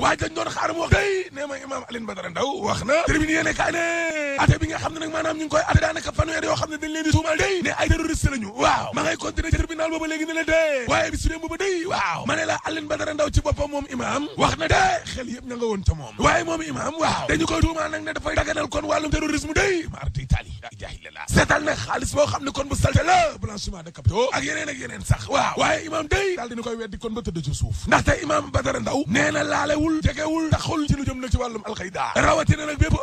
waaye dañ doon xaar wax day nee ma imaam Alioune Badara Ndao wax na terminé yéene ne ate bi day ne ay terroriste day waaw ne xaalis boo xam ne kon bu salte la blanchiment de capitaux ak yeneen ak yeneen sax waaw waaye imaam day daal dina koy weddi kon ba tëdd ci ndaxte imaam Badara Ndao nee na laalewul jegewul jegewul ndaxul ci lu jëm nag ci wàllum alxayda rawatina nag bépp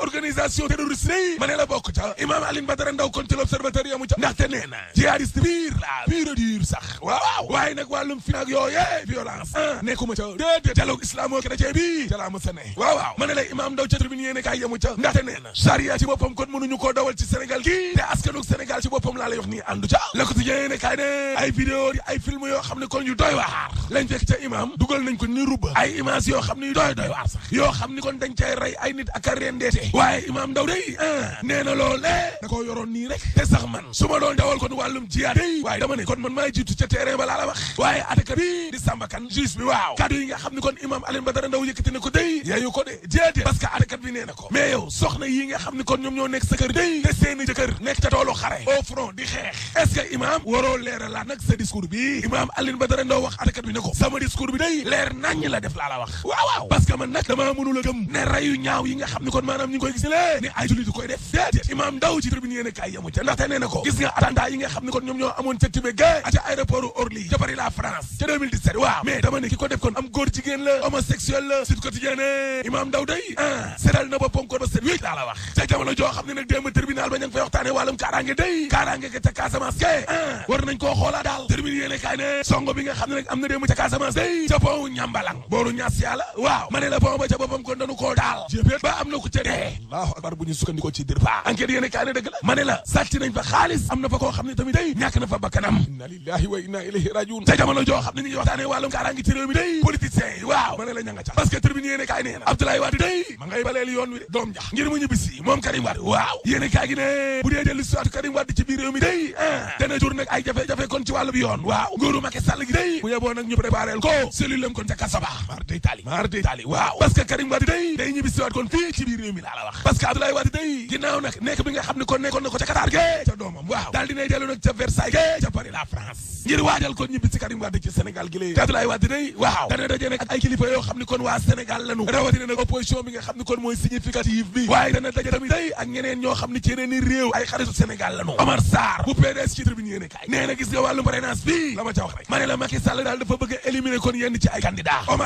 organisation terroriste yi ma ne la bokk ca imaam Alioune Badara Ndaw kon ci l'observateur yamu ca ndaxte nee na jihadiste biir la sax waaw waaye nag wàllum fi nag yooye violence ah nekkuma ca déedéet dialogue islamo chrétien bi ca laa sa ne waaw waaw ma la imaam Ndaw ca tribune yéene kaay yamu ca ndaxte nee na ci boppam kon mënuñu koo dawal ci Sénégal gi te askanug Sénégal ci boppam laa lay wax nii ca la ko ti yéene kaay ne ay ay film yoo xam ne kon yu doy waar lañ nañ ko ni rubba ay yoo xam ne yu xam ni kon dañ cay rey maam ndaw day ah nee na loolee da yoroon nii rek te sax man su ma doon dawal kon wàllum jiyaat day waaye dama kon man maay jiitu ca terrain ba wax waaye ataka bi di Samba Kane juge bi waaw kaddu yi nga xam ne kon imam Alioune Badara Ndao yëkkati ko day yeeyu ko de jéedee parce que atakat bi nee ko mais yow soxna yi xam ne kon ñoom ñoo nekk sa kër day te seeni nekk ca toolu xare au di xeex est-ce que imam waroo leeralaat nag sa discours bi imam Alioune a ne ay jullit di koy def déedéet imaam Ndaw ci tribune yéene kaay yemu ca ndaxte ko gis nga attentat yi nga xam ne kon ñoom ñoo amoon ca Tibet ga ca aéroport Orly ca Paris la France ca 2017 waaw mais dama ne ki ko def kon am góor jigéen la homosexuel la Sud Quotidien imaam Ndaw day ah seetal na boppam kon ba seet wéy laa la wax ca jamono joo xam ne nag démb tribunal ba ña ngi fay waxtaane wàllum day kaaraange ga ca Casamance ke ah war nañ koo xoolaat allahu akbar bu ñu sukkandikoo ci dir fa enquête yéen kaay ne dëgg la fa xaalis am na fa koo xam ne day ñàkk fa bakkanam inna lillahi wa inna ilayhi rajiun te jamono joo xam ne ñu ngi waxtaane wàllum kaaraangi ci réew day politiciens waaw ma ne ca parce que tribune yéen kaay nee day ma baleel yoon doom jax ngir mu ñu moom Karim Wade waaw yéen kaay gi bu dee dellu siwaatu Karim Wade ci biir réew day a ah. dana jur nag ay parce que Abdoulaye Wade day ginnaaw nag nekk bi nga xam ne kon nekkoon na ko ca Qatar ge ca doomam waaw daal dinay dellu nag ca Versailles ge ca Paris la France ngir waajal ko ñibbi si Karim Wade ci Sénégal gi lée te Abdoulaye Wade day waaw dana dajee nag ak nag opposition bi nga ca wax la Macky Sall daal dafa bëgg a éliminer kon yenn ci ay candidat kon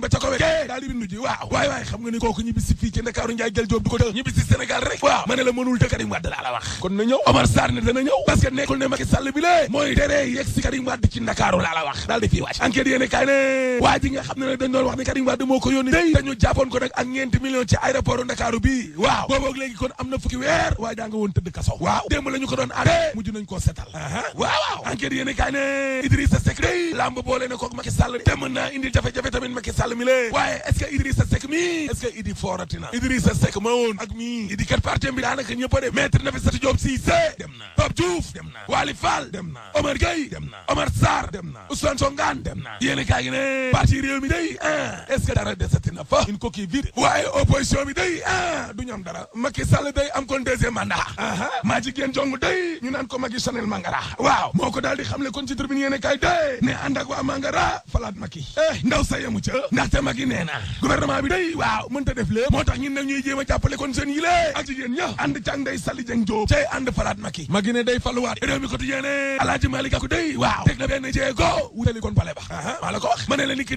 ba ca Koweït ge daal di bindu ji waaw xam nga ni kooku ñibbisi fii ci Ndakaaru Njaay jël joob du ko të ñibbisi Sénégal rek waaw ma ne la mënul te laa la wax kon na ñëw Omar Sarr ne dana ñëw parce nekkul ne Macky Sall bi lée mooy tere yegg si Karim ci Ndakaaru laa la wax daal di fii wàcc enquête yéene kaay ne waa ji nga xam ne nag dañ doon wax ne Karim Wade moo ko yónni tey dañu jàppoon ko nag ak ñeenti millions ci aéroport Ndakaaru bi waaw booboog léegi kon am na fukki weer waa ko doon arrêté mujj indi jafe-jafe tamit Macky Sall mi lée waaye est i que Idi foorati na Idrissa Seck ma woon ak mii Idi kat parti bi daanaka ñëpp a dem maître na Pape Diouf dem na Waly Fall dem na Omar Gueye dem na Omar Sarr dem na Ousmane Songaan dem a kaa gi ne parti réew mi day ah est-ce que dara na fa une coquille vide waaye opposition bi day ah du ñu am dara Macky Sall day am kon deuxième mandat maa ci gën jong day ñu naan ko Macky Chanel Mangara waaw moo ko daal di xamle kon ci tribune yéen a kaay day ne ànd ak waaw mënta def lépp moo tax ñun nag ñuy jéem a jàppale kon seen yi ak jigéen ña ànd càng day sali jëng jóob cay ànd falaat Macky Macky ne day faluwaat réew mi ko wax ma ne la ni ki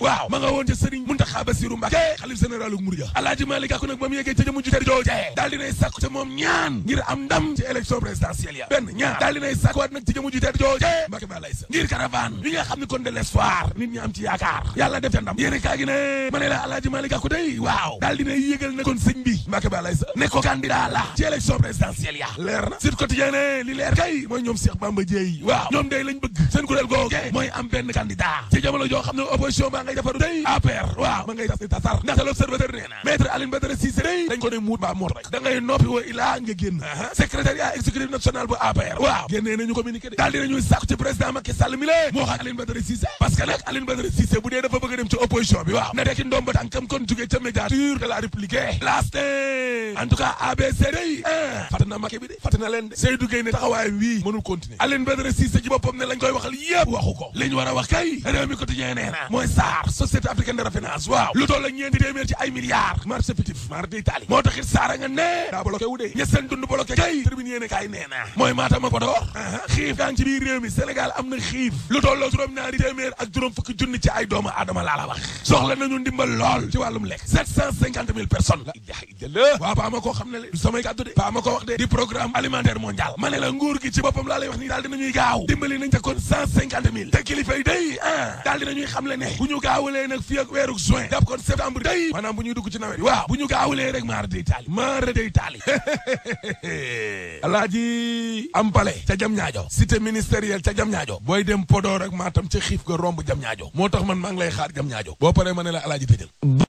waaw ma nga woon ca Serigne Mountakha Bassirou Mbacké xalif général Mouride Alaaji Malick Gakou nag ba mu yeggee ca jëmu jutari joojee daal dinay sàkku ca moom ñaan ngir am ndam ci élection présidentielle ya benn ñaar daal dinay sàkkuwaat nag ci jëmu jutari joojee Mbacké ba lay sa alaaji Malick Gakou day waaw daal dina yëgal na kon sëñ bi Mbacké ba lay ne ko candidat la ci élection présidentielle ya leer na sur quotidien li leer kay mooy ñoom Cheikh Bamba Dièye waaw ñoom day lañ bëgg seen kuréel googe mooy am benn ci jamono joo xam ne opposition maa ngay defaru day APR waaw ma ngay tasar ndax l'observateur nee na maître Aline Badara day dañ ko ne muut baa moot rek noppi woo ilaa nga génn uh-huh. secrétariat exécutif a tànkam kon jugee ca médiature de la république en tout cas ABC day eh, fàtte na bi de fàtte na leen de ne taxawaay wii mënul continuer Aline Badara Cissé ci ne lañ koy waxal yëpp waxu ko li a wax kay réew mi quotidien nee na mooy SAR société africaine de raffinage waaw lu toll ak ñeenti ci ay milliards marché fictif mar Italie moo taxit SAR nga daa bloqué wu de ñe seen dund kay tribune yéene kaay nee na mooy Matam ak lu tolloo juróom-ñaari téeméer la lool ci wàllum lekk sept cent cinquante mille personnes la ilaha illallah ma koo xam ne le du samay kàddu de baa ma ko wax de di programme alimentaire mondial ma ne la nguur gi ci boppam laa lay wax nii gaaw dimbali nañ te ah, xam le ne bu ñu gaawalee nag fii ak weeru juin dab kon septembre day maanaam bu ñuy dugg ci nawet waaw bu ñu gaawalee rek maara day taali maara day taali alaaji am ca jam ñaajo cité ministériel ca jam ñaajo booy dem Podor ak Matam ca xiif ga romb jam ñaajo moo tax man maa ngi lay xaar jam ñaajo boo la alaaji jël